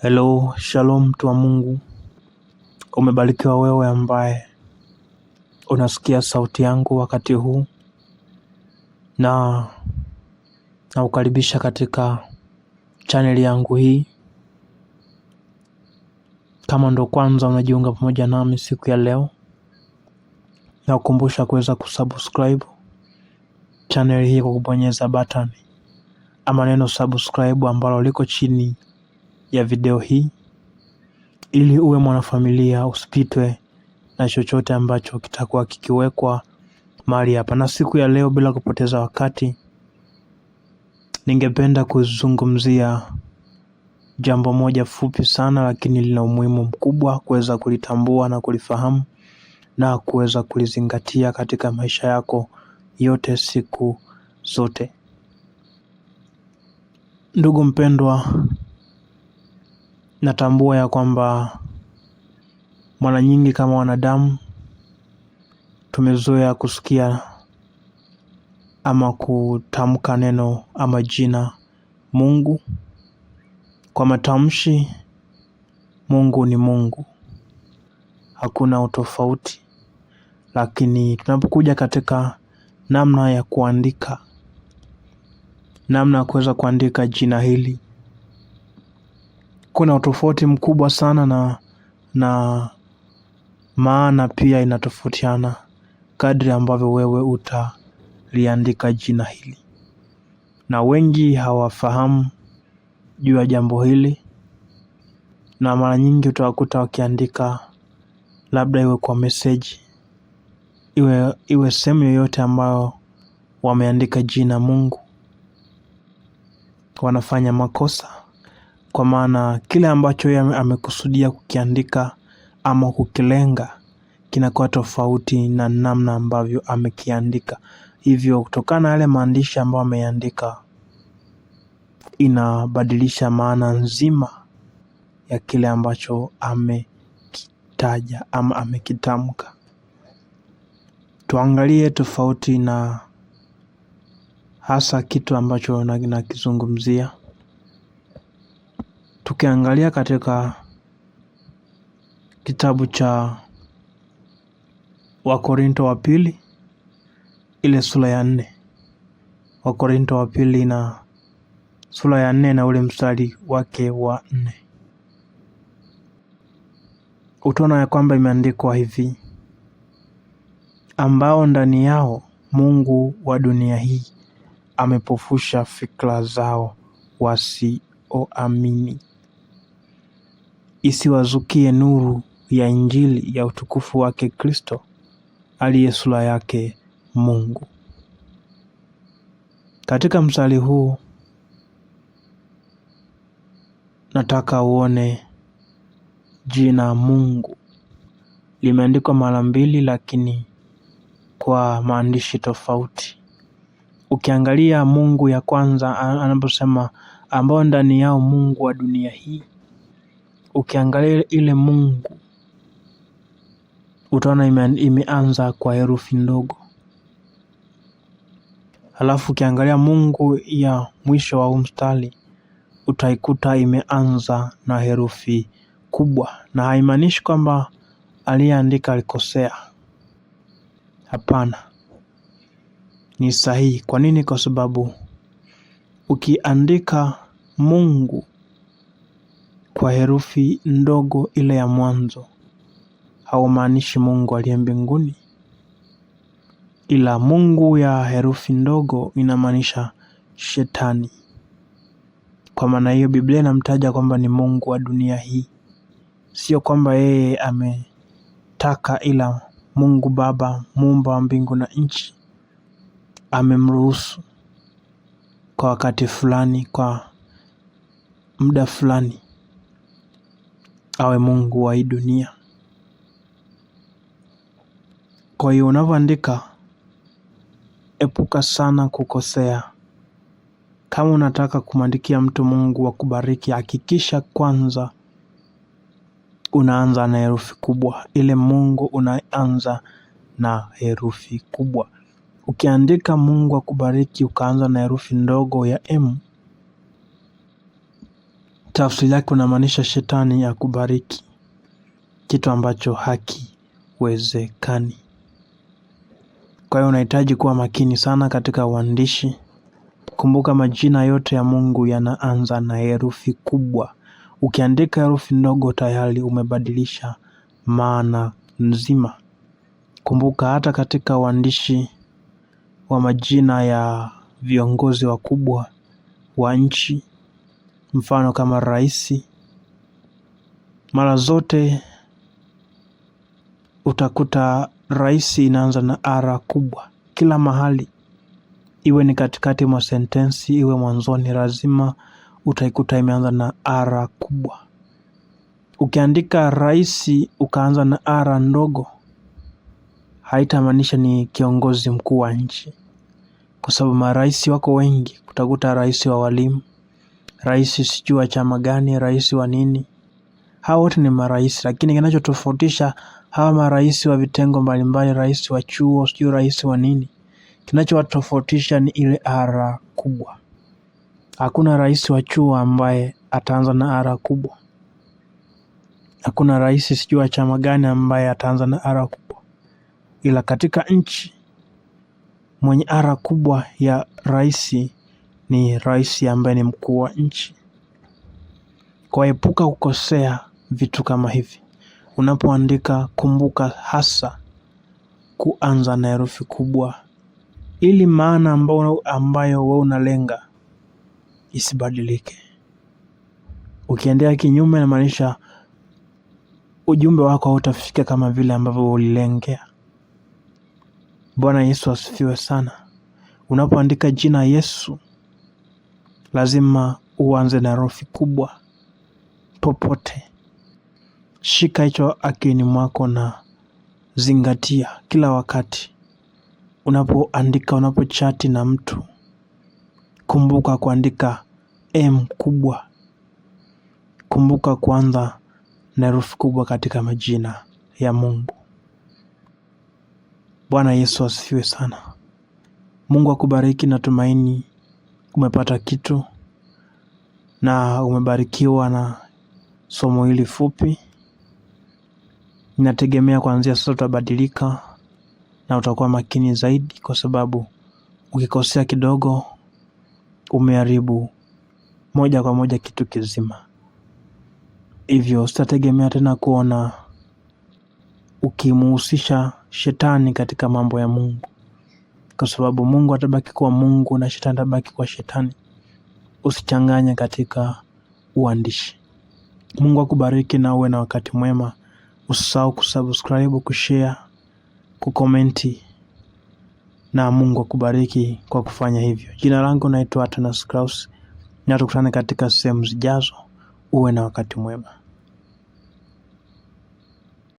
Hello, shalom mtu wa Mungu. Umebarikiwa wewe ambaye unasikia sauti yangu wakati huu, na naukaribisha katika chaneli yangu hii. Kama ndo kwanza unajiunga pamoja nami siku ya leo, nakukumbusha kuweza kusubscribe chaneli hii kwa kubonyeza button ama neno subscribe ambalo liko chini ya video hii ili uwe mwanafamilia usipitwe na chochote ambacho kitakuwa kikiwekwa mahali hapa. Na siku ya leo, bila kupoteza wakati, ningependa kuzungumzia jambo moja fupi sana, lakini lina umuhimu mkubwa kuweza kulitambua na kulifahamu na kuweza kulizingatia katika maisha yako yote siku zote. Ndugu mpendwa, natambua ya kwamba mara nyingi kama wanadamu tumezoea kusikia ama kutamka neno ama jina Mungu kwa matamshi. Mungu ni Mungu, hakuna utofauti, lakini tunapokuja katika namna ya kuandika, namna ya kuweza kuandika jina hili kuna utofauti mkubwa sana na na maana pia inatofautiana kadri ambavyo wewe utaliandika jina hili, na wengi hawafahamu juu ya jambo hili, na mara nyingi utawakuta wakiandika labda iwe kwa meseji, iwe iwe sehemu yoyote ambayo wameandika jina Mungu, wanafanya makosa kwa maana kile ambacho yeye amekusudia kukiandika ama kukilenga kinakuwa tofauti na namna ambavyo amekiandika. Hivyo kutokana na yale maandishi ambayo ameandika, inabadilisha maana nzima ya kile ambacho amekitaja ama amekitamka. Tuangalie tofauti na hasa kitu ambacho nakizungumzia. Tukiangalia katika kitabu cha Wakorinto wa pili ile sura ya nne Wakorinto wa pili na sura ya nne na ule mstari wake wa nne utaona ya kwamba imeandikwa hivi, ambao ndani yao Mungu wa dunia hii amepofusha fikra zao wasioamini isiwazukie nuru ya Injili ya utukufu wake Kristo aliye sura yake Mungu. Katika mstari huu nataka uone jina Mungu limeandikwa mara mbili, lakini kwa maandishi tofauti. Ukiangalia Mungu ya kwanza anaposema ambao ndani yao Mungu wa dunia hii ukiangalia ile Mungu utaona ime, imeanza kwa herufi ndogo, alafu ukiangalia Mungu ya mwisho wa mstari utaikuta imeanza na herufi kubwa, na haimaanishi kwamba aliyeandika alikosea. Hapana, ni sahihi. Kwa nini? Kwa sababu ukiandika Mungu kwa herufi ndogo ile ya mwanzo haumaanishi Mungu aliye mbinguni, ila Mungu ya herufi ndogo inamaanisha Shetani. Kwa maana hiyo, Biblia inamtaja kwamba ni mungu wa dunia hii, sio kwamba yeye ametaka, ila Mungu Baba muumba wa mbingu na nchi amemruhusu kwa wakati fulani, kwa muda fulani awe Mungu wa hii dunia. Kwa hiyo unavyoandika, epuka sana kukosea. Kama unataka kumwandikia mtu Mungu wa kubariki, hakikisha kwanza unaanza na herufi kubwa. Ile Mungu unaanza na herufi kubwa. Ukiandika Mungu akubariki ukaanza na herufi ndogo ya M, tafsiri yake unamaanisha shetani akubariki kitu ambacho hakiwezekani. Kwa hiyo unahitaji kuwa makini sana katika uandishi. Kumbuka majina yote ya Mungu yanaanza na herufi kubwa. Ukiandika herufi ndogo, tayari umebadilisha maana nzima. Kumbuka hata katika uandishi wa majina ya viongozi wakubwa wa nchi mfano kama rais, mara zote utakuta rais inaanza na R kubwa kila mahali, iwe ni katikati mwa sentensi, iwe mwanzoni, lazima utaikuta imeanza na R kubwa. Ukiandika rais ukaanza na R ndogo, haitamaanisha ni kiongozi mkuu wa nchi, kwa sababu marais wako wengi. Utakuta rais wa walimu rais sijui wa chama gani, rais wa nini. Hawa wote ni marais, lakini kinachotofautisha hawa marais wa vitengo mbalimbali, rais wa chuo, sijui rais wa nini, kinachowatofautisha ni ile ara kubwa. Hakuna rais wa chuo ambaye ataanza na ara kubwa. Hakuna rais sijui wa chama gani ambaye ataanza na ara kubwa, ila katika nchi mwenye ara kubwa ya raisi ni rais ambaye ni mkuu wa nchi. Kwa epuka kukosea vitu kama hivi. Unapoandika kumbuka hasa kuanza na herufi kubwa ili maana ambayo, ambayo wewe unalenga isibadilike. Ukiendea kinyume inamaanisha ujumbe wako hautafika kama vile ambavyo ulilengea. Bwana Yesu asifiwe sana. Unapoandika jina Yesu lazima uanze na herufi kubwa popote. Shika hicho akini mwako na zingatia kila wakati unapoandika, unapochati na mtu, kumbuka kuandika M kubwa. Kumbuka kuanza na herufi kubwa katika majina ya Mungu. Bwana Yesu asifiwe sana. Mungu akubariki na tumaini umepata kitu na umebarikiwa na somo hili fupi. Ninategemea kuanzia sasa utabadilika na utakuwa makini zaidi, kwa sababu ukikosea kidogo umeharibu moja kwa moja kitu kizima. Hivyo sitategemea tena kuona ukimuhusisha shetani katika mambo ya Mungu kwa sababu Mungu atabaki kuwa Mungu na shetani atabaki kuwa shetani. Usichanganye katika uandishi. Mungu akubariki na uwe na wakati mwema. Usisahau kusubscribe, kushare, kukomenti na Mungu akubariki kwa kufanya hivyo. Jina langu naitwa Atanas Kraus na tukutane katika sehemu zijazo. Uwe na wakati mwema.